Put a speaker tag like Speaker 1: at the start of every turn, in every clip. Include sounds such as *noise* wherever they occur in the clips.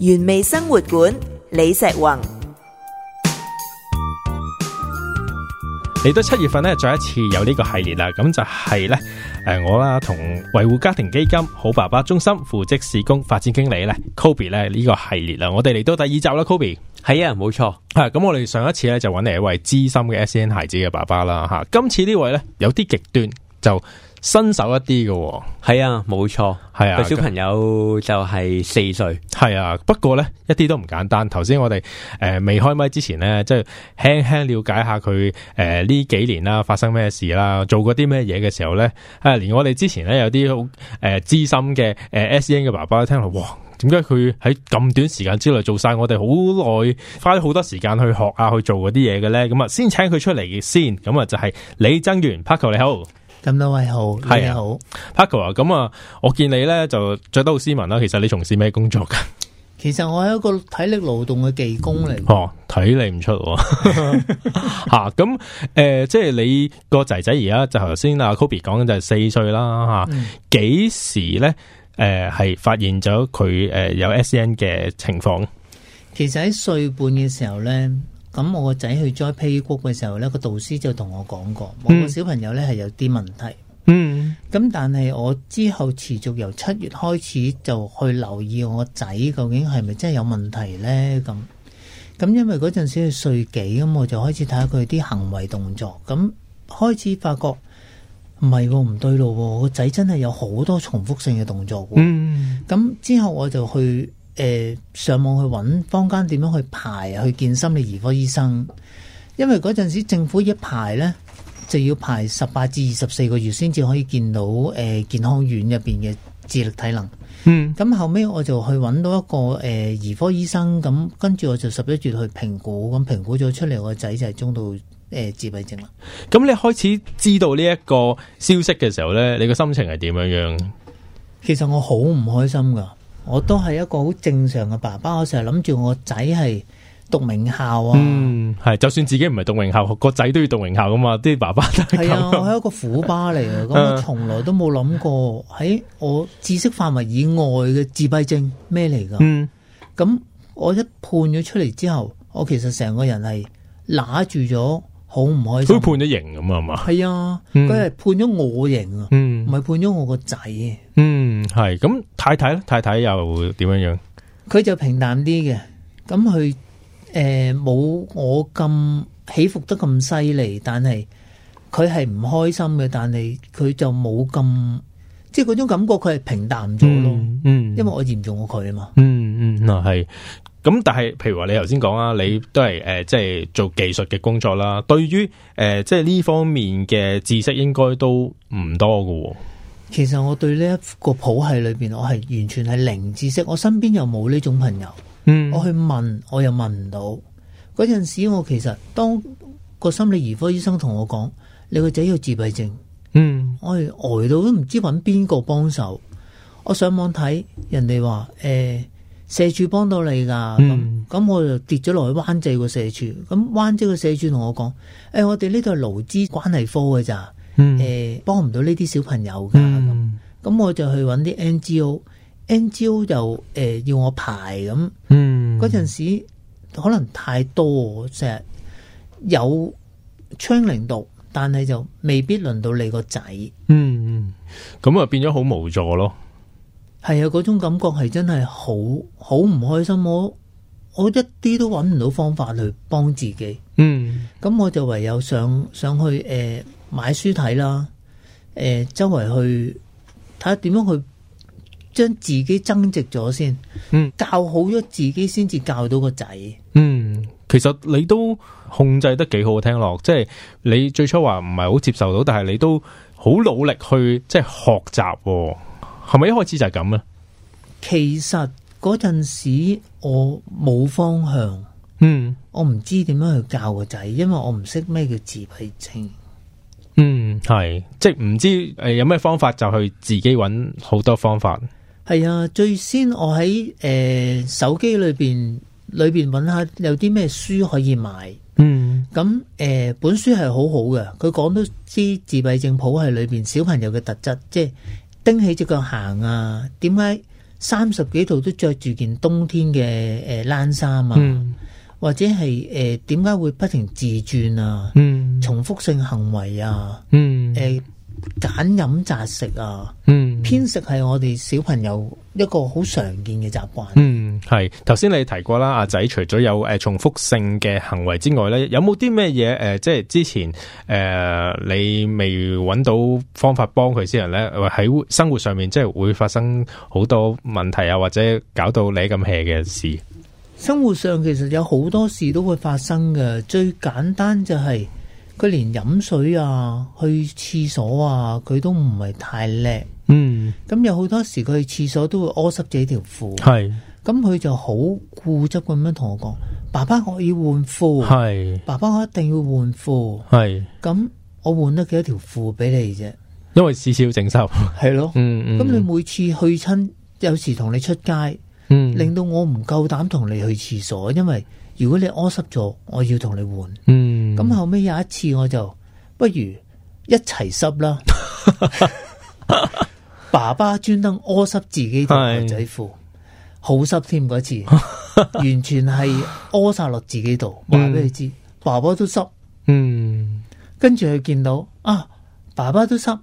Speaker 1: 原味生活館李石宏，
Speaker 2: 嚟到七月份咧，再一次有呢個系列啦、呃、我啦，咁就係咧，誒我啦同維護家庭基金好爸爸中心副職事工發展經理咧，Kobe 咧呢、呢個系列啦，我哋嚟到第二集啦，Kobe 係啊，冇錯，係咁我哋上一次咧就揾嚟一位資深嘅 SEN 孩子嘅爸爸啦，吓、啊，今次位呢位咧有啲極端就。新手一啲嘅、哦，係啊，冇錯，係啊。小朋友就係四歲，係啊。不過咧一啲都唔簡單。頭先我哋誒、呃、未開麥之前咧，即係輕輕了解下佢誒呢幾年啦、啊，發生咩事啦、啊，做過啲咩嘢嘅時候咧、啊，連我哋之前咧有啲好誒資深嘅誒 SEN 嘅爸爸聽落，哇！點解佢喺咁短時間之內做晒我哋好耐花咗好多時間去學啊去做嗰啲嘢嘅咧？咁啊，先請佢出嚟先，咁啊就係李增源 Paco，你好。
Speaker 1: 咁多位好，啊、你好
Speaker 2: ，Paco 啊！咁啊，我見你咧就着得好斯文啦。其實你從事咩工作噶？
Speaker 1: 其實我係一個體力勞動嘅技工嚟、嗯。
Speaker 2: 哦，睇你唔出。吓，咁誒、呃，即係你個仔仔而家就頭先阿 Kobe 講緊就係四歲啦。吓、啊，幾、嗯、時咧？誒、呃，係發現咗佢誒有 SEN 嘅情況？
Speaker 1: 其實喺歲半嘅時候咧。咁我個仔去 playgroup 嘅時候，呢個導師就同我講過，我個小朋友呢係有啲問題。嗯，咁 *noise* 但係我之後持續由七月開始就去留意我仔究竟係咪真係有問題呢。咁咁因為嗰陣時係歲幾咁，我就開始睇下佢啲行為動作，咁開始發覺唔係唔對路，啊，個仔真係有好多重複性嘅動作，啊。嗯，咁之後我就去。誒、呃，上網去揾坊間點樣去排去見心理兒科醫生，因為嗰陣時政府一排呢，就要排十八至二十四個月先至可以見到誒、呃、健康院入邊嘅智力體能。嗯，咁、嗯、後尾我就去揾到一個誒兒、呃、科醫生，咁跟住我就十一月去評估，咁、嗯、評估咗出嚟，我個仔就係中度誒、呃、自閉症啦。
Speaker 2: 咁你開始知道呢一個消息嘅時候呢，你嘅心情係點樣樣、嗯？
Speaker 1: 其實我好唔開心噶。我都係一個好正常嘅爸爸，我成日諗住我仔係讀名校啊。嗯，
Speaker 2: 係，就算自己唔係讀名校，個仔都要讀名校噶嘛，啲爸爸都係。
Speaker 1: 係啊，我係一個苦爸嚟嘅，咁我從來都冇諗過喺、哎、我知識範圍以外嘅自閉症咩嚟噶。嗯，咁我一判咗出嚟之後，我其實成個人係拿住咗好唔開心。佢判咗刑咁啊嘛？係啊，佢係判咗我刑啊，唔係判咗我個仔。嗯。
Speaker 2: 嗯，係咁，太太咧，太太又點樣樣？
Speaker 1: 佢就平淡啲嘅，咁佢誒冇我咁起伏得咁犀利，但係佢係唔開心嘅，但係佢就冇咁即係嗰種感覺，佢係平淡咗咯，嗯。嗯，因為我嚴重過佢啊嘛。嗯
Speaker 2: 嗯，嗱、嗯、係，咁、嗯啊、但係譬如話你頭先講啦，你都係誒、呃、即係做技術嘅工作啦，對於誒、呃、即係呢方面嘅知識應該都唔多噶。
Speaker 1: 其實我對呢一個譜系裏邊，我係完全係零知識，我身邊又冇呢種朋友，嗯，我去問我又問唔到。嗰陣時我其實當個心理兒科醫生同我講，你個仔有自閉症，嗯，我係呆到都唔知揾邊個幫手。我上網睇人哋話，誒、哎、社署幫到你噶，咁咁、嗯、我就跌咗落去灣仔個社署。咁灣仔個社署同我講，誒、哎、我哋呢度係勞資關係科嘅咋，誒、嗯哎、幫唔到呢啲小朋友噶。咁我就去揾啲 NGO，NGO 就誒要我排咁，嗰陣、嗯、時可能太多成，我有窗領毒，但係就未必輪到你個仔。嗯，
Speaker 2: 咁
Speaker 1: 啊變咗好無助咯。係啊，嗰種感覺係真係好好唔開心，我我一啲都揾唔到方法去幫自己。嗯，咁我就唯有上上去誒、呃、買書睇啦，誒、呃、周圍去。睇下點樣去將自己增值咗先，嗯、教好咗自己先至教到個仔。
Speaker 2: 嗯，其實你都控制得幾好，聽落即係你最初話唔係好接受到，但係你都好努力去即係學習、哦，係咪一開始就係咁咧？
Speaker 1: 其實嗰陣時我冇方向，嗯，我唔知點樣去教個仔，因為我唔識咩叫自閉症。
Speaker 2: 嗯，係，即係唔知，誒、呃、有咩方法就去自己揾好多方法。
Speaker 1: 係啊，最先我喺誒、呃、手機裏邊裏邊揾下有啲咩書可以買。
Speaker 3: 嗯，
Speaker 1: 咁誒、呃、本書係好好嘅，佢講到啲自閉症譜系裏邊小朋友嘅特質，即係叮起隻腳行啊，點解三十幾度都着住件冬天嘅誒、呃、冷衫嘛、啊？嗯或者係誒，點、呃、解會不停自轉啊？嗯，重複性行為啊，嗯，誒、呃，揀飲擇食啊，嗯，偏食係我哋小朋友一個好常見嘅習慣。嗯，
Speaker 2: 係頭先你提過啦，阿仔除咗有誒、呃、重複性嘅行為之外咧，有冇啲咩嘢誒？即、呃、係之前誒、呃，你未揾到方法幫佢先咧，喺、呃、生活上面即係會發生好多問題啊，或者搞到你咁 hea 嘅事。
Speaker 1: 生活上其實有好多事都會發生嘅，最簡單就係、是、佢連飲水啊、去廁所啊，佢都唔係太叻。嗯，咁、嗯、有好多時佢去廁所都會屙濕自己條褲。係是，咁佢、嗯、就好固執咁樣同我講：，爸爸，我要換褲。係是，爸爸，我一定要換褲。係是，咁我換得幾多條褲俾你啫？
Speaker 2: 因為次次要整收，係 *laughs* 咯的、嗯。嗯嗯，咁你
Speaker 1: 每次去親，有時同你出街。嗯令到我唔夠膽同你去廁所，因為如果你屙濕咗，我要同你換。咁、嗯、後尾有一次，我就不如一齊濕啦。 *laughs* 爸爸專登屙濕自己條仔褲，好濕添嗰次， *laughs* 完全係屙曬落自己度。話俾佢知，嗯、爸爸都濕。嗯，跟住佢見到啊，爸爸都濕，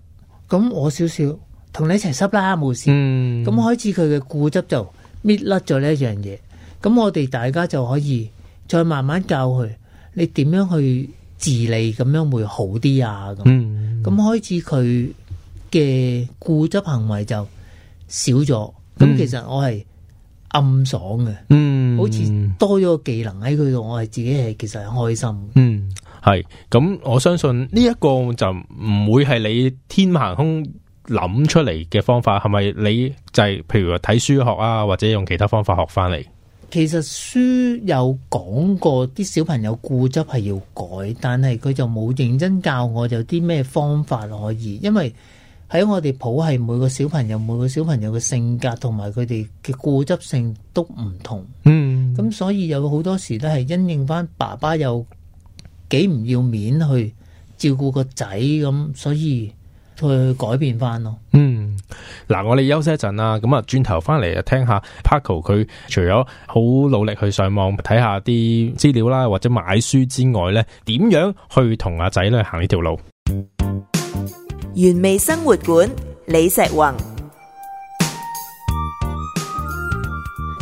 Speaker 1: 咁我少少同你一齊濕啦，冇事。咁、嗯、開始佢嘅固執就。搣甩咗呢一樣嘢，咁我哋大家就可以再慢慢教佢，你點樣去自理咁樣會好啲啊？咁咁、嗯、開始佢嘅固執行為就少咗，咁其實我係暗爽嘅，嗯，好似多咗個技能喺佢度，我係自己係其實係開心。
Speaker 2: 嗯，係，咁我相信呢一個就唔會係你天馬行空，諗出嚟嘅方法，係咪你就係譬如話睇書學啊，或者用其他方法學翻嚟？
Speaker 1: 其實書有講過啲小朋友固執係要改，但係佢就冇認真教我，有啲咩方法可以？因為喺我哋抱係每個小朋友，每個小朋友嘅性格同埋佢哋嘅固執性都唔同，嗯，咁所以有好多時都係因應翻爸爸有幾唔要面去照顧個仔咁，所以。去改變翻咯。嗯，
Speaker 2: 嗱，我哋休息一陣啦。咁啊，轉頭翻嚟聽下 Paco 佢除咗好努力去上網睇下啲資料啦，或者買書之外咧，點樣去同阿仔咧行呢條路？
Speaker 4: 原
Speaker 1: 味生活館，李石宏。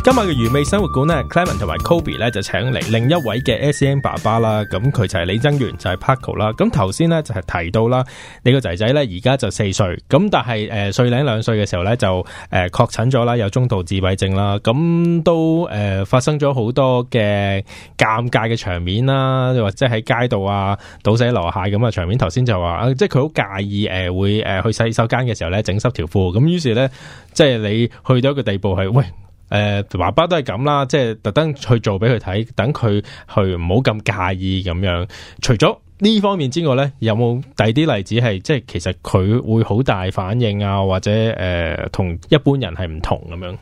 Speaker 2: 今日嘅愚味生活館咧 Clement 同埋 Kobe 咧就請嚟另一位嘅 SEN 爸爸啦。咁佢就係李增源，就係 Paco 啦。咁頭先咧就係、是、提到啦，你個仔仔咧而家就四歲，咁但係誒歲零兩歲嘅時候咧就誒確診咗啦，有中度自閉症啦。咁都誒、呃、發生咗好多嘅尷尬嘅場面啦，又或者喺街度啊倒瀉籮蟹咁嘅場面。頭先、啊、就話、啊、即係佢好介意誒、呃、會誒、呃、去洗手間嘅時候咧整濕條褲。咁於是咧，即係你去到一個地步係喂。誒、呃，爸爸都係咁啦，即係特登去做俾佢睇，等佢去唔好咁介意咁樣。除咗呢方面之外呢，有冇第二啲例子係即係其實佢會好大反應啊，或者誒同、呃、一般人係唔同咁樣？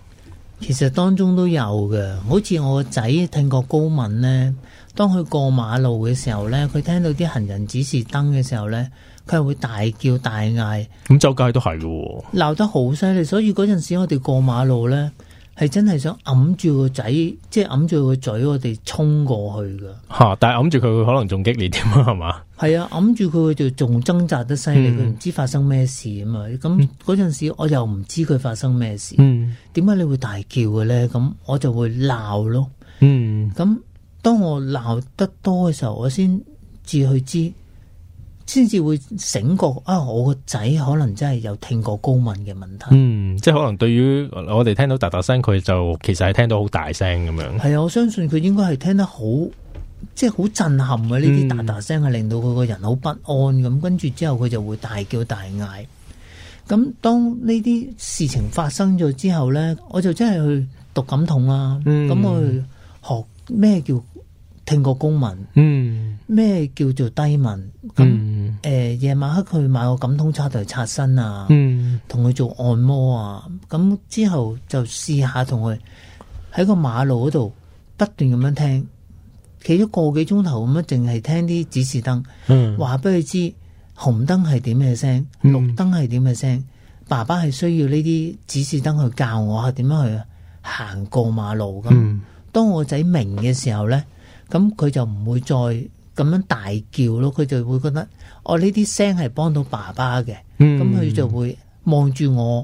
Speaker 1: 其實當中都有嘅。好似我個仔聽過高敏呢，當佢過馬路嘅時候呢，佢聽到啲行人指示燈嘅時候呢，佢會大叫大嗌。咁周街都係嘅，哦，鬧得好犀利。所以嗰陣時我哋過馬路呢，係真係想揞住個仔，即係揞住個嘴，我哋衝過去噶。
Speaker 2: 吓，但係揞住佢，可能仲激烈啲嘛，係嘛？
Speaker 1: 係啊，揞住佢，佢就仲掙扎得犀利，佢唔知發生咩事啊嘛。嗯。咁嗰陣時，我又唔知佢發生咩事。嗯，點解你會大叫嘅咧？咁我就會鬧咯。嗯，咁當我鬧得多嘅時候，我先至去知。先至會醒覺啊！我個仔可能真係有聽過高敏嘅問
Speaker 2: 題。嗯，即係可能對於我哋聽到噠噠聲，佢就其實係聽到好大聲咁樣。係啊，
Speaker 1: 我相信佢應該係聽得好，即係好震撼嘅呢啲噠噠聲，係令到佢個人好不安咁。嗯、跟住之後佢就會大叫大嗌。咁當呢啲事情發生咗之後咧，我就真係去讀感統啦。咁、嗯、我去學咩叫？聽過公民，嗯，咩叫做低民？咁誒，夜、嗯呃、晚黑佢買個感通刷嚟擦身啊，嗯，同佢做按摩啊，咁之後就試下同佢喺個馬路嗰度不斷咁樣聽，企咗個幾鐘頭咁樣，淨係聽啲指示燈，嗯，話俾佢知紅燈係點嘅聲，綠燈係點嘅聲，嗯、爸爸係需要呢啲指示燈去教我係點樣去行過馬路。咁、嗯嗯、當我仔明嘅時候咧。咁佢就唔會再咁樣大叫咯，佢就會覺得哦，呢啲聲係幫到爸爸嘅，咁佢、嗯、就會望住我，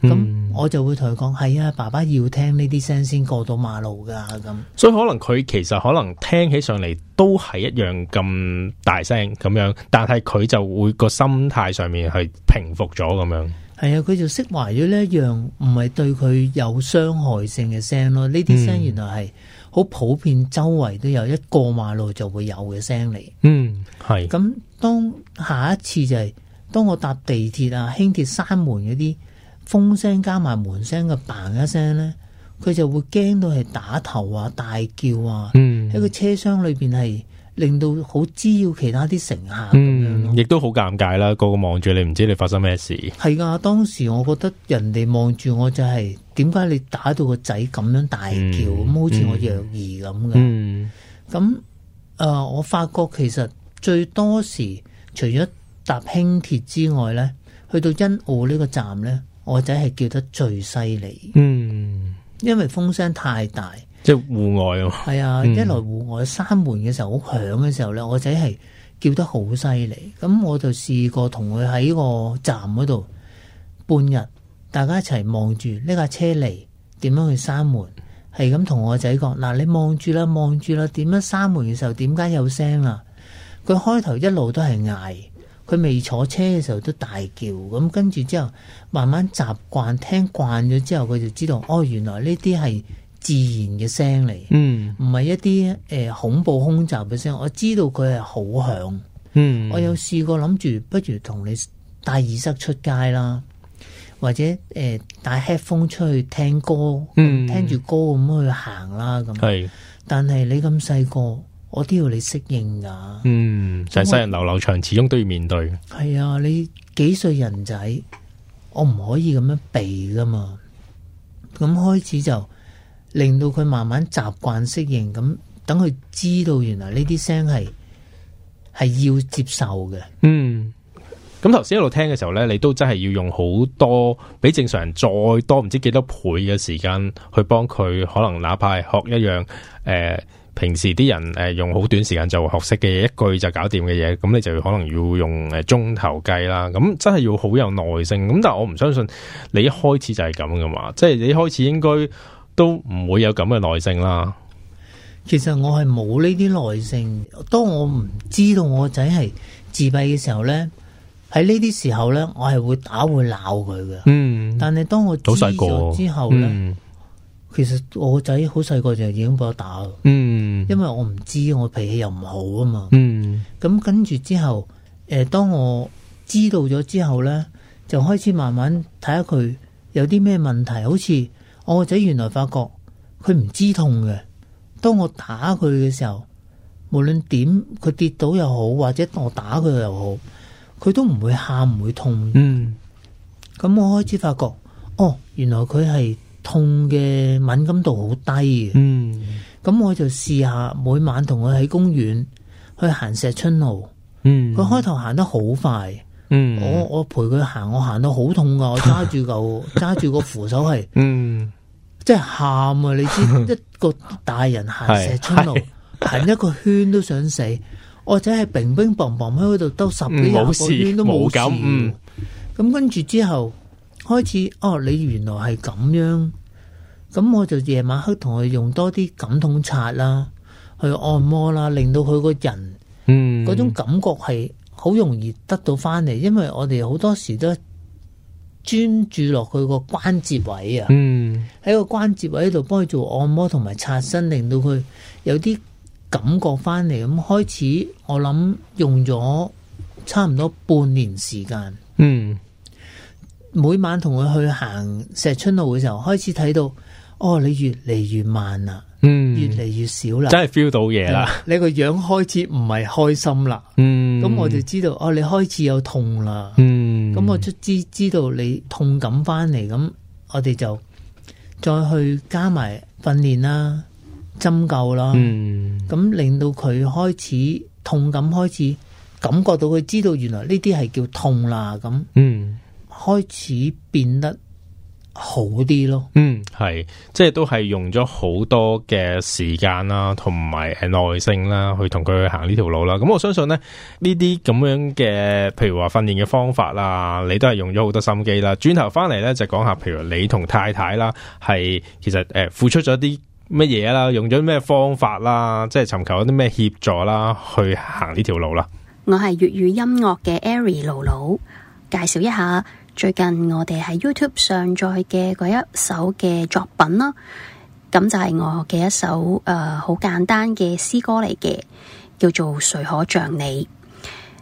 Speaker 1: 咁、嗯、我就會同佢講係啊，爸爸要聽呢啲聲先過到馬路噶咁。
Speaker 2: 所以可能佢其實可能聽起上嚟都係一樣咁大聲咁樣，但係佢就會個心態上面係平復咗咁樣。
Speaker 1: 係啊，佢就釋懷咗呢一樣唔係對佢有傷害性嘅聲咯。呢啲聲原來係、嗯。好普遍，周圍都有，一過馬路就會有嘅聲嚟。嗯，係。咁當下一次就係、是、當我搭地鐵啊、輕鐵閂門嗰啲風聲加埋門聲嘅嘭一聲咧，佢就會驚到係打頭啊、大叫啊，喺、嗯、個車廂裏邊係令到好滋擾其他啲乘客。
Speaker 2: 嗯、亦、啊、都好尷尬啦，個個望住你，唔知你發生
Speaker 1: 咩事。係噶，當時我覺得人哋望住我就係、是。點解你打到個仔咁樣大叫咁？好似、嗯、我虐兒咁嘅。咁誒、嗯呃，我發覺其實最多時，除咗搭輕鐵之外咧，去到欣澳呢個站咧，我仔係叫得最犀利。嗯，因為風聲太大，
Speaker 2: 即係戶外啊。係
Speaker 1: 啊、嗯，一來戶外閂門嘅時候好響嘅時候咧，我仔係叫得好犀利。咁我就試過同佢喺個站嗰度半日。大家一齊望住呢架車嚟，點樣去閂門？係咁同我仔講：嗱、啊，你望住啦，望住啦，點樣閂門嘅時候，點解有聲啦、啊？佢開頭一路都係嗌，佢未坐車嘅時候都大叫咁，跟住之後慢慢習慣，聽慣咗之後，佢就知道，哦，原來呢啲係自然嘅聲嚟，嗯，唔係一啲誒、呃、恐怖空襲嘅聲。我知道佢係好響，嗯，
Speaker 3: 我有
Speaker 1: 試過諗住，不如同你帶耳塞出街啦。或者誒，帶、呃、headphone 出去聽歌，嗯、聽住歌咁去行啦咁。是但係你咁細個，我都要你適應噶。嗯，
Speaker 2: 成世人流流長，始終都要面對。
Speaker 1: 係啊，你幾歲人仔，我唔可以咁樣避噶嘛。咁開始就令到佢慢慢習慣適應，咁等佢知道原來呢啲聲係係要接受嘅。嗯。
Speaker 2: 咁頭先一路聽嘅時候呢，你都真係要用好多比正常人再多唔知幾多倍嘅時間去幫佢，可能哪怕係學一樣誒、呃，平時啲人誒、呃、用好短時間就學識嘅一句就搞掂嘅嘢，咁你就可能要用誒呃、鐘頭計啦。咁真係要好有耐性。咁但係我唔相信你一開始就係咁噶嘛，即係你一開始應該都唔會有咁嘅耐性啦。
Speaker 1: 其實我係冇呢啲耐性。當我唔知道我仔係自閉嘅時候呢。喺呢啲時候呢，我係會打會鬧佢嘅。嗯，但係當我知咗之後呢，嗯、其實我個仔好細個就已經俾我打。嗯，因為我唔知，我脾氣又唔好啊嘛。嗯，咁、嗯、跟住之後，誒，當我知道咗之後呢，就開始慢慢睇下佢有啲咩問題。好似我個仔原來發覺佢唔知痛嘅，當我打佢嘅時候，無論點佢跌倒又好，或者我打佢又好。佢都唔會喊，唔會痛。嗯，咁我開始發覺，哦，原來佢係痛嘅敏感度好低嘅。嗯，咁我就試下每晚同佢喺公園去行石春路。嗯，佢開頭行得好快。嗯，我，我我陪佢行，我行到好痛㗎！我揸住個揸住個扶手係，嗯，真係喊啊！你知一個大人行石春路 *laughs* 行一個圈都想死。或者係乒乒乓乓，喺嗰度兜十幾廿個圈都冇事，咁感跟住，之後開始，哦，你原來係咁樣，咁我就夜晚黑同佢用多啲感統刷啦，去按摩啦，令到佢個人，嗯，
Speaker 3: 嗰種
Speaker 1: 感覺係好容易得到翻嚟，因為我哋好多時都專注落佢、嗯、個關節位啊，喺個關節位度幫佢做按摩同埋擦身，令到佢有啲。感覺翻嚟咁，開始我諗用咗差唔多半年時間。嗯，每晚同佢去行石春路嘅時候，開始睇到哦，你越嚟越慢啦，嗯，越嚟越少啦，真係 feel 到嘢啦。你個樣開始唔係開心啦，嗯，咁我就知道哦，你開始有痛啦，嗯，咁我就知知道你痛感翻嚟，咁我哋就再去加埋訓練啦。針灸啦，咁、嗯、令到佢開始痛感，開始感覺到佢知道原來呢啲係叫痛啦，咁開始變得好啲咯。嗯，
Speaker 2: 係，即係都係用咗好多嘅時間啦，同埋誒耐性啦，去同佢去行呢條路啦。咁我相信咧，呢啲咁樣嘅，譬如話訓練嘅方法啦，你都係用咗好多心機啦。轉頭翻嚟咧，就講下，譬如你同太太啦，係其實誒、呃、付出咗啲。乜嘢啦？用咗咩方法啦？即係尋求啲咩協助啦？去行呢條路啦。
Speaker 4: 我係粵語音樂嘅 Ari 露露，介紹一下最近我哋喺 YouTube 上載嘅嗰一首嘅作品啦。咁就係我嘅一首誒，好、呃、簡單嘅詩歌嚟嘅，叫做誰可像你。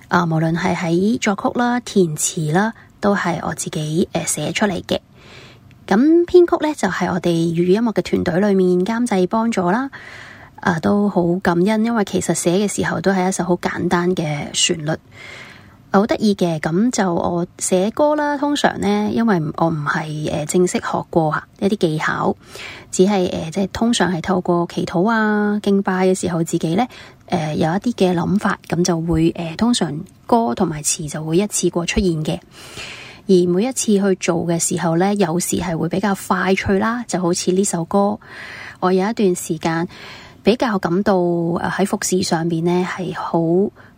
Speaker 4: 啊、呃，無論係喺作曲啦、填詞啦，都係我自己誒寫出嚟嘅。咁編曲咧，就係、是、我哋粵語音樂嘅團隊裏面監製幫助啦，啊都好感恩，因為其實寫嘅時候都係一首好簡單嘅旋律，好得意嘅。咁就我寫歌啦，通常呢，因為我唔係誒正式學過吓一啲技巧，只係誒即係通常係透過祈禱啊敬拜嘅時候，自己呢誒、呃、有一啲嘅諗法，咁就會誒、呃、通常歌同埋詞就會一次過出現嘅。而每一次去做嘅時候呢，有時係會比較快脆啦，就好似呢首歌。我有一段時間比較感到喺、呃、服侍上面呢，係好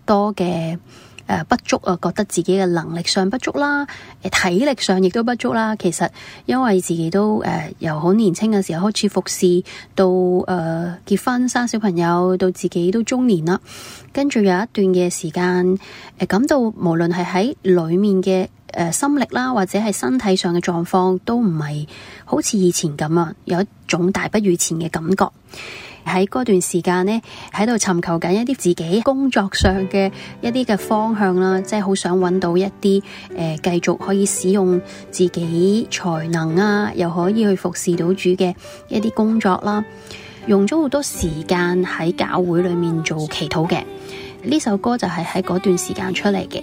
Speaker 4: 多嘅、呃、不足啊，覺得自己嘅能力上不足啦，誒體力上亦都不足啦。其實因為自己都誒、呃、由好年輕嘅時候開始服侍，到誒、呃、結婚生小朋友，到自己都中年啦，跟住有一段嘅時間誒感到無論係喺裡面嘅。誒，心力啦，或者係身體上嘅狀況都唔係好似以前咁啊，有一種大不如前嘅感覺。喺嗰段時間呢，喺度尋求緊一啲自己工作上嘅一啲嘅方向啦，即係好想揾到一啲誒、呃，繼續可以使用自己才能啊，又可以去服侍到主嘅一啲工作啦。用咗好多時間喺教會裡面做祈禱嘅，呢首歌就係喺嗰段時間出嚟嘅。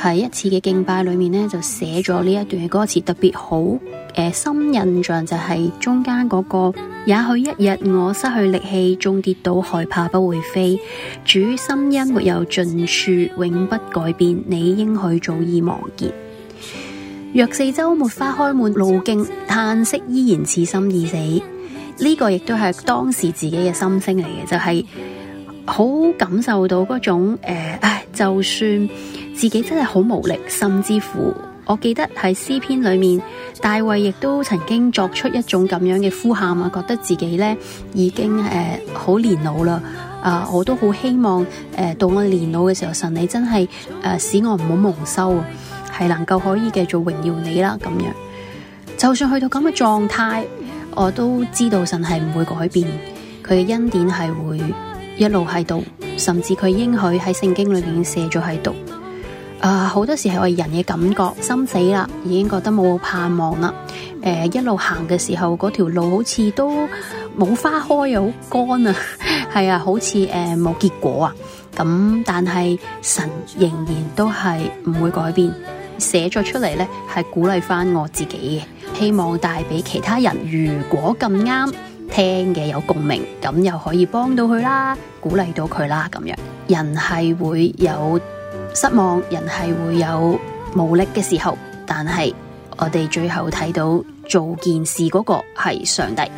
Speaker 4: 喺一次嘅敬拜裏面呢，就寫咗呢一段嘅歌詞，特別好誒、呃，深印象就係中間嗰,那個，也許一日我失去力氣，終跌倒，害怕不會飛。主心因沒有盡處，永不改變。你應許早已忘結，若四周沒花開滿路徑，嘆息依然此心已死。呢、這個亦都係當時自己嘅心聲嚟嘅，就係、是、好感受到嗰種誒、呃，就算。自己真係好無力，甚至乎我記得喺詩篇裏面，大衛亦都曾經作出一種咁樣嘅呼喊啊，覺得自己呢已經誒好、呃、年老啦。啊、呃，我都好希望誒、呃，到我年老嘅時候，神你真係誒、呃、使我唔好蒙羞，係能夠可以繼續榮耀你啦。咁樣就算去到咁嘅狀態，我都知道神係唔會改變佢嘅恩典，係會一路喺度，甚至佢應許喺聖經裏面已經寫咗喺度。啊，呃，好多時係我人嘅感覺，心死啦，已經覺得冇盼望啦、呃。一路行嘅時候，嗰條路好似都冇花開又好乾啊，係 *laughs* 啊，好似誒冇結果啊。咁但係神仍然都係唔會改變，寫咗出嚟呢係鼓勵返我自己嘅，希望帶俾其他人，如果咁啱聽嘅有共鳴，咁又可以幫到佢啦，鼓勵到佢啦，咁樣人係會有失望，人係會有無力嘅時候，但係我哋最後睇到做件事嗰個係上帝。 *noise*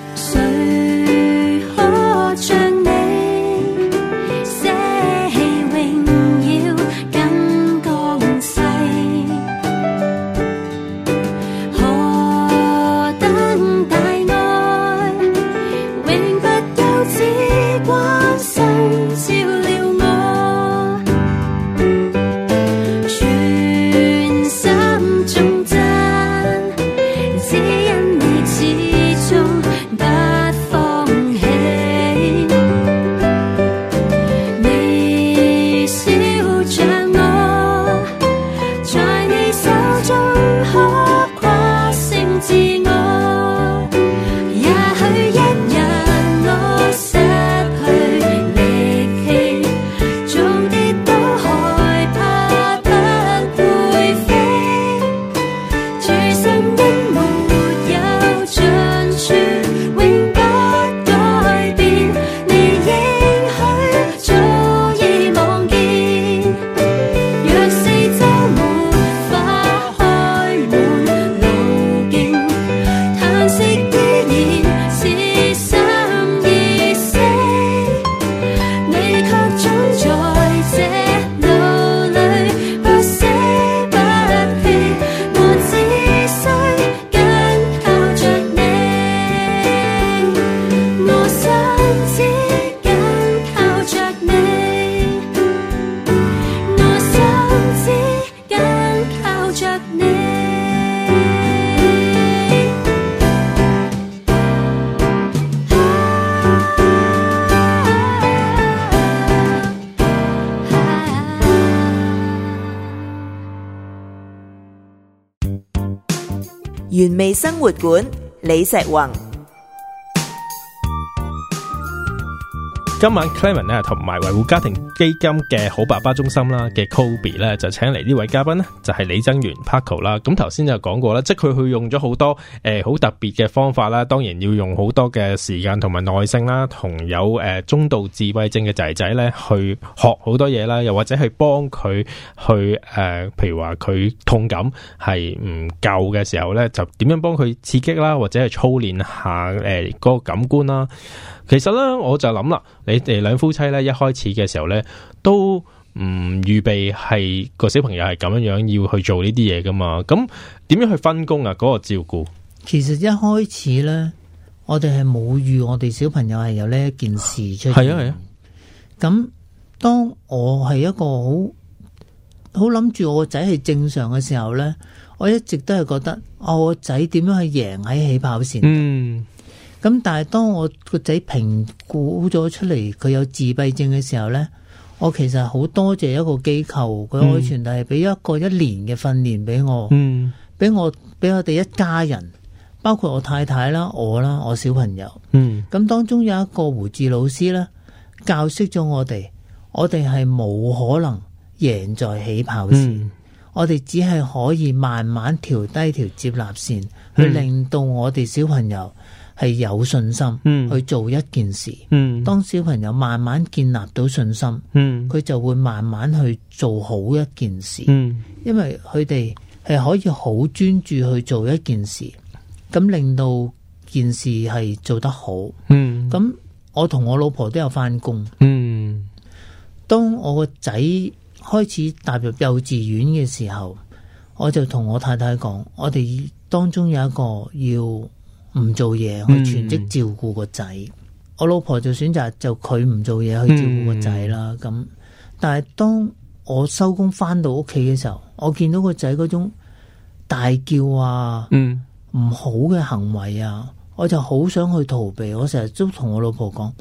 Speaker 4: 原味生活館，李石宏。
Speaker 2: 今晚 Clayman 咧同埋維護家庭基金嘅好爸爸中心啦嘅 Kobe 咧就請嚟呢位嘉賓咧就係、是、李增源 Paco 啦。咁頭先就講過啦，即係佢去用咗好多誒好、呃、特別嘅方法啦。當然要用好多嘅時間同埋耐性啦，同有誒、呃、中度自閉症嘅仔仔咧去學好多嘢啦，又或者係幫佢去誒，譬如話佢痛感係唔夠嘅時候咧，就點樣幫佢刺激啦，或者係操練下誒嗰、呃那個感官啦。其實咧，我就諗啦，你哋兩夫妻咧，一開始嘅時候咧，都唔預備係個小朋友係咁樣樣要去做呢啲嘢噶嘛？咁點樣去分工啊？嗰個照顧？
Speaker 1: 其實一開始咧，我哋係冇預我哋小朋友係有呢一件事出。係啊係啊。咁、啊、當我係一個好好諗住我個仔係正常嘅時候咧，我一直都係覺得我個仔點樣去贏喺起跑線。嗯。咁但係當我個仔評估咗出嚟佢有自閉症嘅時候呢，我其實好多謝一個機構，佢可以傳遞俾一個一年嘅訓練俾我，俾、嗯、我俾我哋一家人，包括我太太啦、我啦、我小朋友。咁、嗯、當中有一個胡志老師呢，教識咗我哋，我哋係冇可能贏在起跑線，嗯、我哋只係可以慢慢調低條接納線，去令到我哋小朋友。係有信心、嗯、去做一件事，嗯、當小朋友慢慢建立到信心，佢、嗯、就會慢慢去做好一件事。嗯、因為佢哋係可以好專注去做一件事，咁令到件事係做得好。咁、嗯、我同我老婆都有翻工。嗯、當我個仔開始踏入幼稚園嘅時候，我就同我太太講：我哋當中有一個要。唔做嘢去全職照顧個仔，嗯、我老婆就選擇就佢唔做嘢去照顧個仔啦。咁、嗯，但係當我收工翻到屋企嘅時候，我見到個仔嗰種大叫啊，嗯、唔好嘅行為啊，我就好想去逃避。我成日都同我老婆講，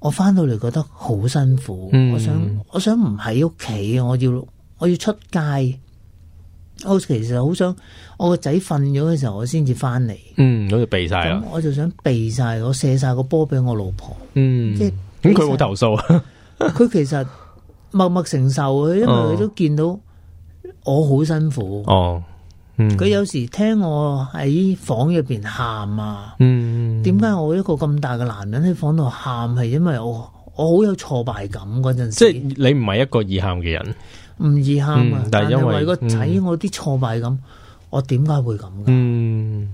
Speaker 1: 我翻到嚟覺得好辛苦，嗯、我想我想唔喺屋企，我要我要出街。我其實好想我個仔瞓咗嘅時候我，我先至翻嚟。
Speaker 2: 嗯，好似避晒。
Speaker 1: 我就想避晒，我射晒個波俾我老婆。嗯，
Speaker 2: 即係咁佢冇投訴
Speaker 1: 啊？佢 *laughs* 其實默默承受啊，因為佢都見到我好辛苦。哦，
Speaker 3: 佢、哦嗯、
Speaker 1: 有時聽我喺房入邊喊啊。嗯，點解我一個咁大嘅男人喺房度喊？係因為我我好有挫敗感嗰陣
Speaker 2: 時。即係你唔係一個易喊嘅人。
Speaker 1: 唔易喊啊！嗯、但係因為個仔，我啲挫敗咁，嗯、我點解會咁噶？嗯、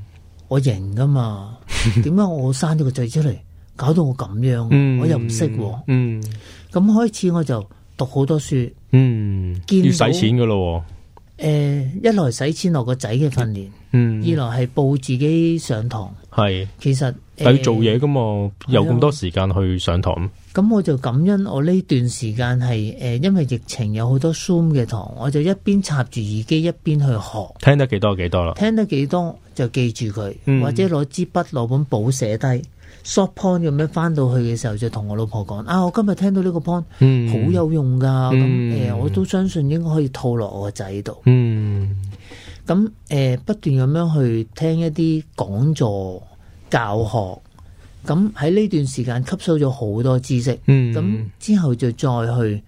Speaker 1: 我認噶嘛？點解 *laughs* 我生咗個仔出嚟，搞到我咁樣、啊？嗯、我又唔識、啊。嗯，咁開始我就讀好多書。
Speaker 2: 嗯，見到 要使錢噶咯、哦。
Speaker 1: 誒、呃，一來使錢落個仔嘅訓練，嗯，二來係報自己上堂，
Speaker 2: 係，其實佢做嘢㗎嘛，有咁多時間去上堂。
Speaker 1: 咁、嗯、我就感恩我呢段時間係誒，因為疫情有好多 zoom 嘅堂，我就一邊插住耳機一邊去學，
Speaker 2: 聽得幾多幾多啦，
Speaker 1: 聽得幾多就記住佢，嗯、或者攞支筆攞本簿寫低。索 point 咁樣，翻到去嘅時候就同我老婆講啊，我今日聽到呢個 point 好、嗯、有用噶，咁誒、嗯呃、我都相信應該可以套落我個仔度。咁誒、嗯呃、不斷咁樣去聽一啲講座教學，咁喺呢段時間吸收咗好多知識。咁、嗯、之後就再去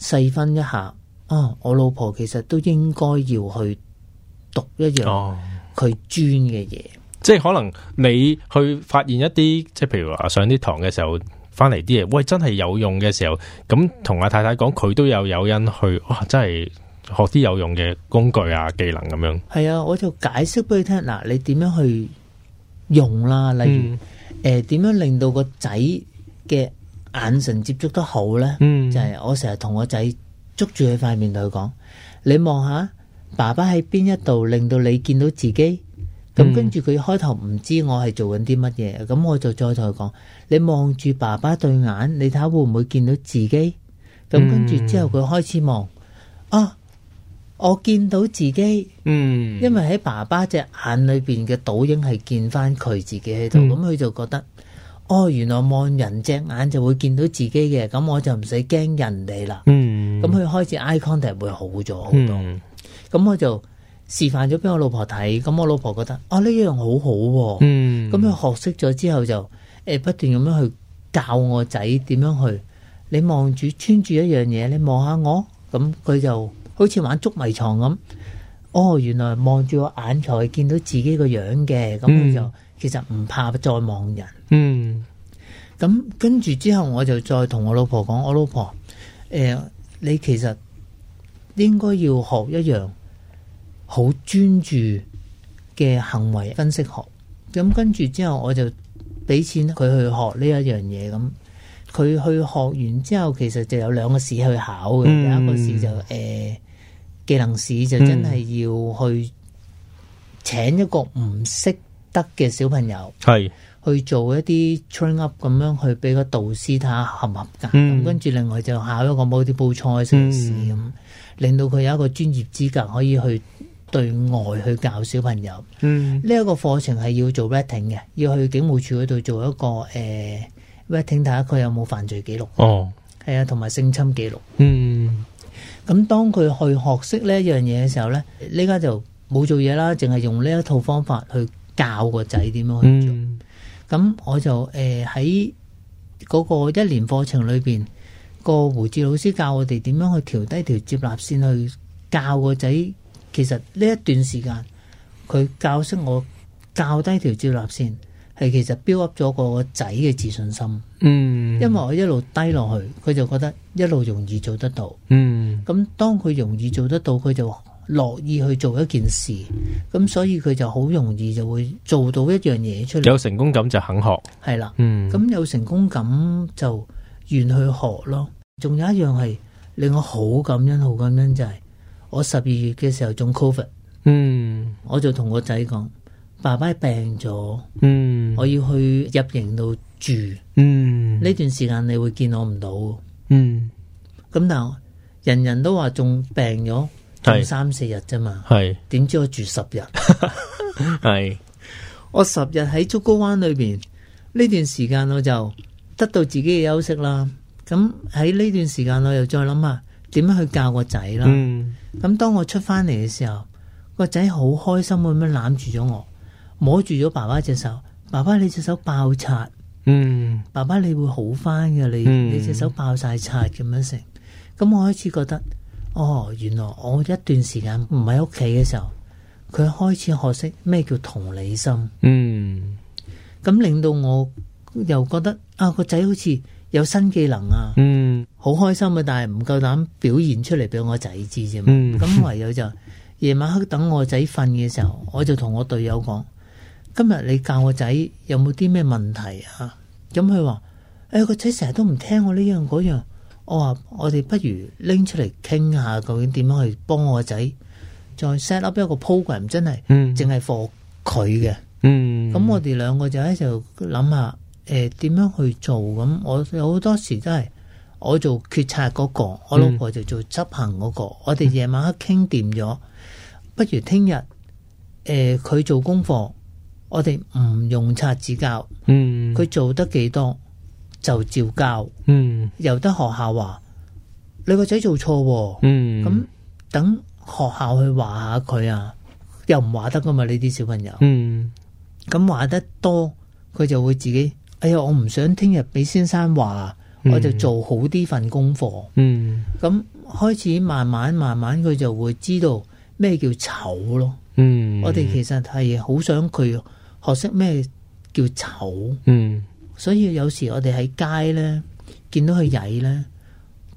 Speaker 1: 細分一下，啊，我老婆其實都應該要去讀一樣佢專嘅嘢。哦
Speaker 2: 即係可能你去發現一啲即係譬如話上啲堂嘅時候翻嚟啲嘢，喂真係有用嘅時候，咁同阿太太講，佢都有誘因去，哇真係學啲有用嘅工具啊技能咁樣。
Speaker 1: 係啊，我就解釋俾佢聽嗱，你點樣去用啦。例如誒、嗯呃、點樣令到個仔嘅眼神接觸得好咧？嗯、就係我成日同我仔捉住佢塊面，同佢講，你望下爸爸喺邊一度，令到你見到自己。咁跟住佢開頭唔知我係做緊啲乜嘢，咁我就再同佢講：你望住爸爸對眼，你睇下會唔會見到自己？咁跟住之後佢開始望，啊，我見到自己。嗯，因為喺爸爸隻眼裏邊嘅倒影係見翻佢自己喺度，咁佢，嗯，就覺得，哦，原來望人隻眼就會見到自己嘅，咁我就唔使驚人哋啦。嗯，咁佢開始 eye contact 會好咗好多。咁，嗯，我就。示範咗俾我老婆睇，咁我老婆覺得、哦、一啊呢、嗯、樣好好喎，咁佢學識咗之後就誒、欸、不斷咁樣去教我仔點樣去。你望住穿住一樣嘢，你望下我，咁、嗯、佢就好似玩捉迷藏咁。哦，原來望住個眼才見到自己個樣嘅，咁就其實唔怕再望人。嗯，咁跟住之後，我就再同我老婆講，我老婆誒、呃，你其實應該要學一樣。好專注嘅行為分析學，咁、嗯、跟住之後我就俾錢佢去學呢一樣嘢。咁佢去學完之後，其實就有兩個試去考嘅。第、嗯、一個試就誒、呃、技能試，就真係要去請一個唔識得嘅小朋友係是去做一啲 t r a i n up 咁樣，去俾個導師睇下合唔合格。咁、嗯、跟住另外就考一個 multi 杯賽嘅試咁，令到佢有一個專業資格可以去。對外去教小朋友，呢一個課程係要做 rating 嘅，要去警務處嗰度做一個誒 rating 睇下佢有冇犯罪記錄。哦，係啊，同埋性侵記錄。嗯，咁當佢去學識呢一樣嘢嘅時候呢，呢家就冇做嘢啦，淨係用呢一套方法去教個仔點樣去做。咁我就誒喺嗰個一年課程裏邊，個胡志老師教我哋點樣去調低條接納線去教個仔。其實呢一段時間，佢教識我教低條接納線，係其實 build up 咗個仔嘅自信心。嗯，因為我一路低落去，佢就覺得一路容易做得到。嗯，咁當佢容易做得到，佢就樂意去做一件事。咁所以佢就好容易就會做到一樣嘢出嚟。有
Speaker 2: 成功感就肯學，
Speaker 1: 係啦。嗯，咁有成功感就願去學咯。仲有一樣係令我好感恩、好感恩就係、是。我十二月嘅時候中 COVID。嗯，我就同我仔講，爸爸病咗，嗯，
Speaker 3: 我要
Speaker 1: 去入營度住，嗯，呢段時間你會見我唔到，嗯，咁但人人都話仲病咗，仲三四日啫嘛，係是，點是知我住十日，
Speaker 2: 係 *laughs* 是，
Speaker 1: *laughs* 我十日喺竹篙灣裏邊，呢段時間我就得到自己嘅休息啦，咁喺呢段時間我又再諗下。點樣去教個仔啦？咁、嗯、當我出翻嚟嘅時候，個仔好開心咁樣攬住咗我，摸住咗爸爸一隻手。爸爸你隻手爆擦，嗯，爸爸你會好翻嘅，你你隻手爆晒擦咁樣食。咁我開始覺得，哦，原來我一段時間唔喺屋企嘅時候，佢開始學識咩叫同理心。嗯，咁令到我又覺得啊，個仔好似有新技能啊。嗯。好開心啊！但係唔夠膽表現出嚟俾我仔知啫。咁、嗯、唯有就夜 *laughs* 晚黑等我仔瞓嘅時候，我就同我隊友講：今日你教我仔有冇啲咩問題啊？咁佢話：誒、哎，個仔成日都唔聽我呢樣嗰樣。我話：我哋不如拎出嚟傾下，究竟點樣去幫我仔？再 set up 一個 program，真係淨係 for 佢嘅。咁、嗯、我哋兩個就喺度諗下，誒、呃，點樣去做？咁我有好多時都係。我做決策嗰個，我老婆就做執行嗰個。嗯、我哋夜晚黑傾掂咗，嗯、不如聽日，誒、呃，佢做功課，我哋唔用刷子教，嗯，佢做得幾多就照教，嗯，由得學校話，你個仔做錯，嗯，
Speaker 3: 咁
Speaker 1: 等學校去話下佢啊，又唔話得㗎嘛？呢啲小朋友，嗯，咁話得多，佢就會自己，哎呀，我唔想聽日俾先生話。我就做好呢份功課，嗯，咁開始慢慢慢慢佢就會知道咩叫醜咯，嗯，
Speaker 3: 我哋其
Speaker 1: 實係好想佢學識咩叫醜，嗯，所以有時我哋喺街咧見到佢曳咧，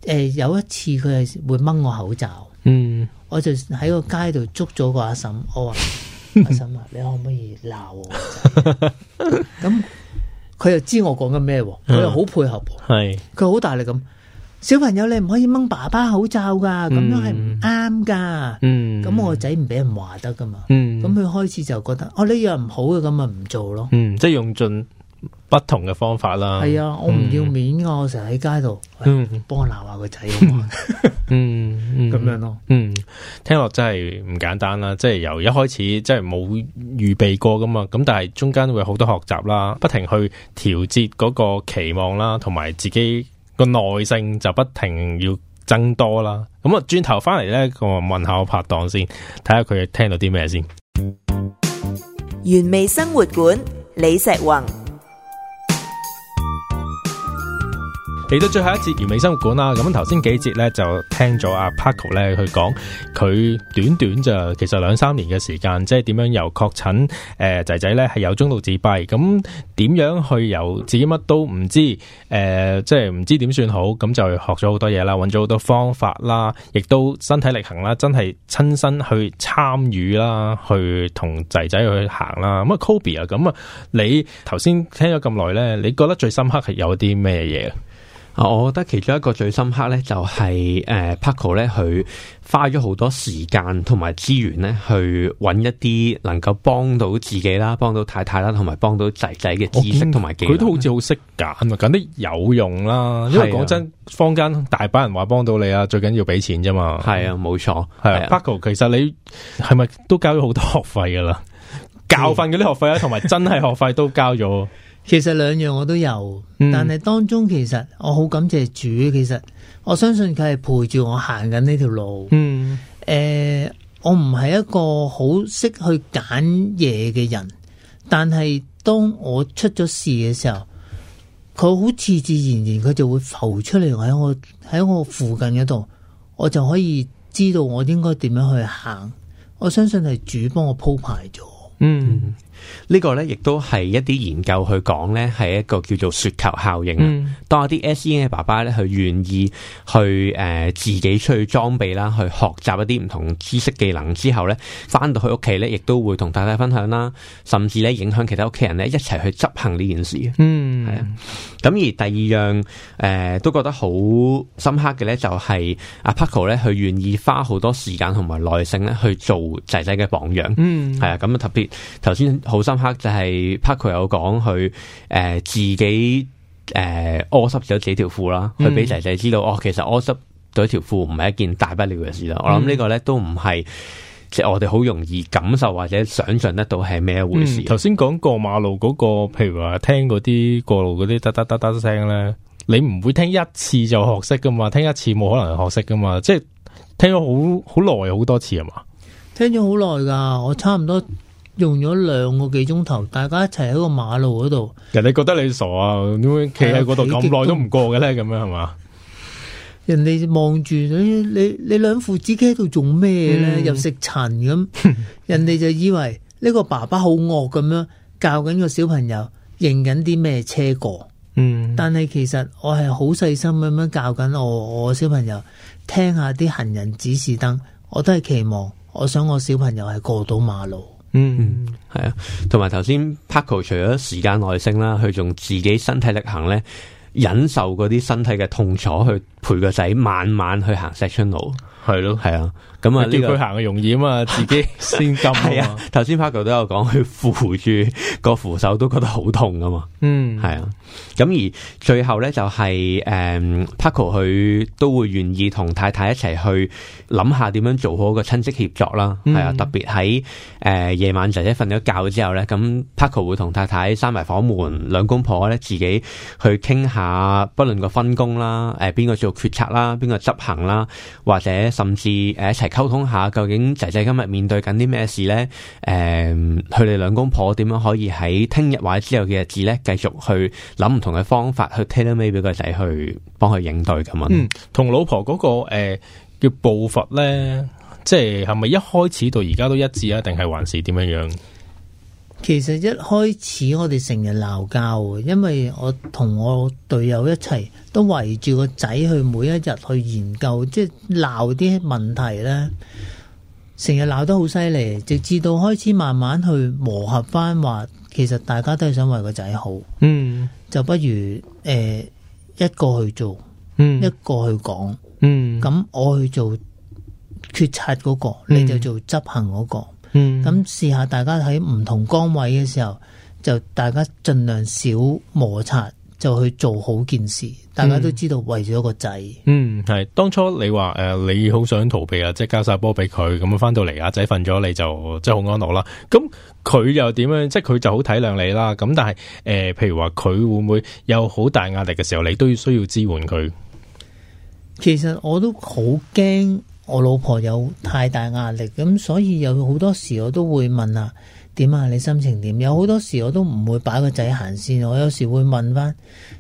Speaker 1: 誒、呃，有一次佢係會掹我口罩，嗯，我就喺個街度捉咗個阿嬸，我話 *laughs* 阿嬸啊，你可唔可以鬧我？咁。 *laughs* *laughs* 佢又知我講緊咩，佢又好配合，佢好、嗯、大力咁。是小朋友你唔可以掹爸爸口罩噶，咁樣係唔啱噶。嗯，咁我個仔唔俾人話得噶嘛。嗯，咁佢開始就覺得哦呢、嗯啊、樣唔好嘅，咁咪唔做咯。嗯，
Speaker 2: 即係用盡。不同嘅方法啦，係啊，我唔要
Speaker 1: 面啊。我成日喺街度，嗯，幫我鬧下個仔咁樣咯，嗯，
Speaker 2: 聽落真係唔簡單啦，即係由一開始即係冇預備過噶嘛，咁但係中間會有好多學習啦，不停去調節嗰個期望啦，同埋自己個耐性就不停要增多啦，咁啊轉頭翻嚟咧，我問下我拍檔先，睇下佢聽到啲咩先。
Speaker 1: 原味生活館李石宏。
Speaker 2: 嚟到最後一節完美生活館啦，咁頭先幾節咧就聽咗阿 Paco 咧，去講佢短短就其實兩三年嘅時間，即係點樣由確診誒仔仔咧係由中度自閉，咁、嗯、點樣去由自己乜都唔知誒、呃，即係唔知點算好，咁、嗯、就學咗好多嘢啦，揾咗好多方法啦，亦都身體力行啦，真係親身去參與啦，去同仔仔去行啦。咁、嗯、啊，Kobe 啊，咁、嗯、啊，你頭先聽咗咁耐咧，你覺得最深刻係有啲咩嘢？啊，我覺得其中一個最深刻咧，就係誒
Speaker 5: ，Paco 咧，佢、呃、花咗好多時間同埋資源咧，去揾一啲能夠幫到自己啦，幫到太太啦，同埋幫到仔仔嘅知識同埋見，佢都
Speaker 2: 好似好識揀，揀得有用啦。因為講真，啊、坊間大把人話幫到你啊，最緊要俾錢啫嘛。係啊，冇錯、啊。係啊，Paco，其實你係咪都交咗好多學費噶啦？是教訓嗰啲學費啦，同埋真係學費都交咗。 *laughs* 其實兩樣我都有，
Speaker 1: 嗯、但係當中其實我好感謝主。其實我相信佢係陪住我行緊呢條路。誒、嗯呃，我唔係一個好識去揀嘢嘅人，但係當我出咗事嘅時候，佢好自自然然佢就會浮出嚟，喺我喺我附近嗰度，我就可以知道我應該點樣去行。我相信係主幫我鋪排咗。
Speaker 3: 嗯。嗯
Speaker 5: 呢個呢，亦都係一啲研究去講呢，係一個叫做雪球效應啊。嗯、當一啲 SEN 嘅爸爸呢，佢願意去誒、呃、自己出去裝備啦，去學習一啲唔同知識技能之後呢，翻到去屋企呢，亦都會同太太分享啦，甚至呢影響其他屋企人呢，一齊去執行呢件事。嗯。係啊，咁、嗯、而第二樣誒、呃，都覺得好深刻嘅咧，就係、是、阿、啊、Paco 咧，佢願意花好多時間同埋耐性咧，去做仔仔嘅榜樣。嗯，係啊，咁啊特別頭先好深刻就係 Paco 有講佢誒自己誒屙濕咗幾條褲啦，去俾仔仔知道、嗯、哦，其實屙濕咗條褲唔係一件大不了嘅事啦。嗯、我諗呢個咧都唔係。即係我哋好容易感受或者
Speaker 2: 想象得到係咩一回事啊。頭先講過馬路嗰個，譬如話聽嗰啲過路嗰啲噠噠噠噠聲咧，你唔會聽一次就學識噶嘛？聽一次冇可能學識噶嘛？即係聽咗好好耐好多次係嘛？
Speaker 1: 聽咗好耐噶，我差唔多用咗兩個幾鐘頭，大家一齊喺個馬路嗰度。
Speaker 2: 人哋覺得你傻啊？點解企喺嗰度咁耐都唔過嘅咧？咁樣係嘛？
Speaker 1: 人哋望住你，你你兩父子喺度做咩呢？嗯，又食塵咁，人哋就以為呢個爸爸好惡咁樣教緊個小朋友認緊啲咩車過。嗯，但係其實我係好細心咁樣教緊我我小朋友聽下啲行人指示燈。我都係期望，我想我小朋友係過到馬路。
Speaker 6: 嗯，
Speaker 5: 係啊，同埋頭先，Paco 除咗時間耐性啦，佢仲自己身體力行呢，忍受嗰啲身體嘅痛楚去。陪個仔晚晚去行 s t c e 石春路，係咯，係、嗯、啊，咁啊、這個，叫佢行
Speaker 2: 嘅容易啊嘛，自己 *laughs* 先咁係 *laughs* 啊。
Speaker 5: 頭先 Paco 都有講，佢扶住個扶手都覺得好痛、嗯、啊嘛、就是，嗯，係啊，咁而最後咧就係誒，Paco 佢都會願意同太太一齊去諗下點樣做好個親戚協作啦，係、嗯、啊，特別喺誒夜晚仔仔瞓咗覺之後咧，咁 Paco 會同太太閂埋房門，兩公婆咧自己去傾下，不論個分工啦，誒邊個做。決策啦，邊個執行啦，或者甚至誒一齊溝通下，究竟仔仔今日面對緊啲咩事咧？誒、嗯，佢哋兩公婆點樣可以喺聽日或者之後嘅日子咧，繼續去諗唔同
Speaker 2: 嘅方法去 tailor made 俾個仔去幫佢應對咁啊？嗯，同老婆嗰、那個誒嘅、呃、步伐咧，即係係咪一開始到而家都一致啊？定係還是點樣樣？
Speaker 1: 其實一開始我哋成日鬧交，因為我同我隊友一齊都圍住個仔去，每一日去研究，即係鬧啲問題呢，成日鬧得好犀利，直至到開始慢慢去磨合翻，話其實大家都係想為個仔好，嗯，就不如誒、呃、一個去做，嗯、一個去講，嗯，咁我去做決策嗰個，你、嗯、就做執行嗰個。嗯，咁試下大家喺唔同崗位嘅時候，就大家盡量少摩擦，就去做好件事。大家都知道為咗個仔，
Speaker 2: 嗯，係當初你話誒、呃，你好想逃避啊，即係交晒波俾佢，咁翻到嚟阿仔瞓咗，你就即係好安樂啦。咁佢又點樣？即係佢就好體諒你啦。咁但係誒、呃，譬如話佢會唔會有好大壓力嘅時候，你都要需要支援佢。
Speaker 1: 其實我都好驚。我老婆有太大壓力，咁所以有好多時我都會問啊，點啊，你心情點？有好多時我都唔會擺個仔行先，我有時會問翻，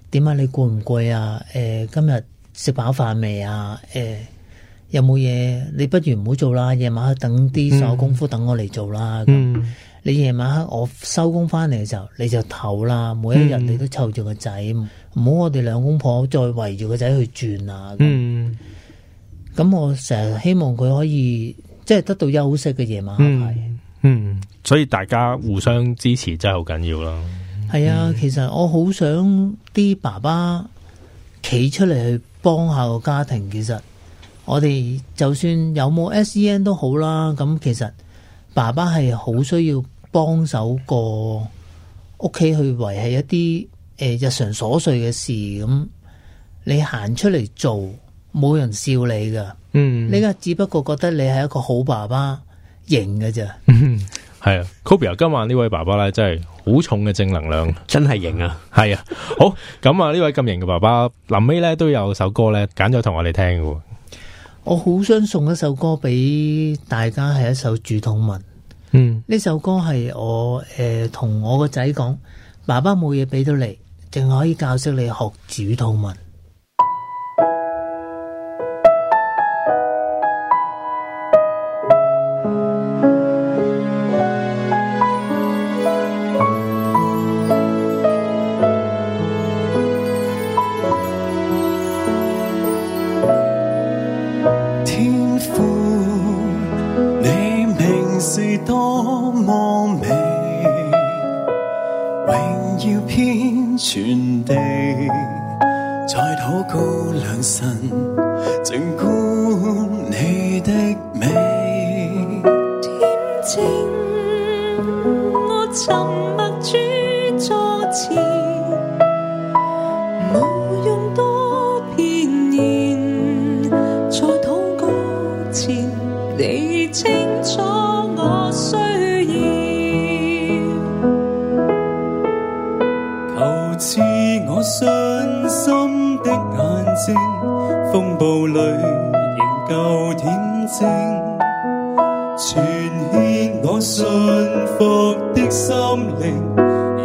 Speaker 1: 點啊，你攰唔攰啊？誒、欸，今日食飽飯未啊？誒、欸，有冇嘢？你不如唔好做啦，夜晚黑等啲手功夫等我嚟做啦。嗯、你夜晚黑我收工翻嚟嘅時候，你就唞啦。每一日你都湊住個仔，唔好、嗯、我哋兩公婆再圍住個仔去轉啊。咁我成日希望佢可以即係得到休息嘅夜晚，嗯，係。嗯，
Speaker 2: 所以大家互相支持真係好緊要啦。
Speaker 1: 係啊，嗯、其實我好想啲爸爸企出嚟去幫下個家庭。其實我哋就算有冇 SEN 都好啦，咁其實爸爸係好需要幫手個屋企去維繫一啲誒日常瑣碎嘅事。咁你行出嚟做。冇人笑你噶，嗯，呢家只不過覺得你係一個好爸爸型嘅啫。
Speaker 2: 係啊，Kobe 啊，obia, 今晚呢位爸爸咧，真係好重嘅正能量，真係型啊，係啊， *laughs* 好，咁啊呢位咁型嘅爸爸，臨尾咧都有首歌咧揀咗同我哋聽嘅，
Speaker 1: 我好想送一首歌俾大家，係一首主禱文。嗯，呢首歌係我誒同、呃、我個仔講，爸爸冇嘢俾到你，淨可以教識你學主禱文。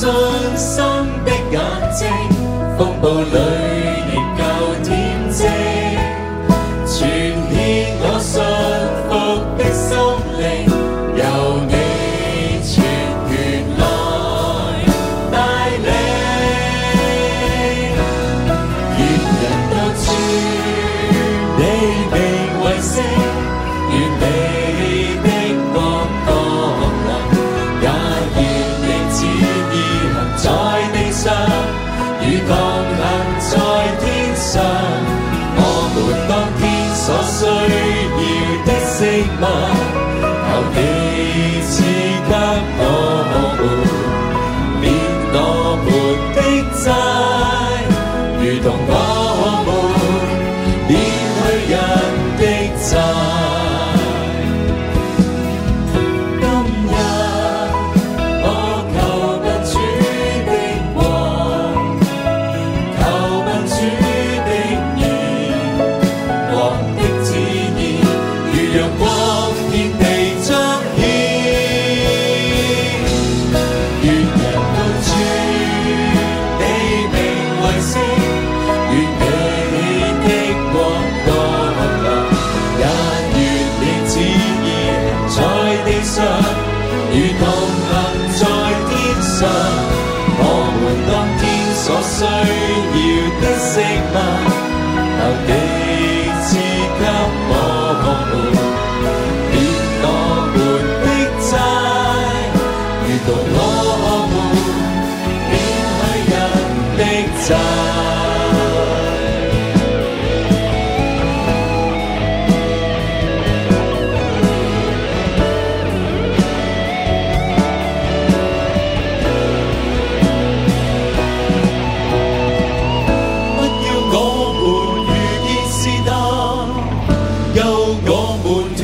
Speaker 7: 傷
Speaker 6: 心的眼睛，
Speaker 7: 風暴裏。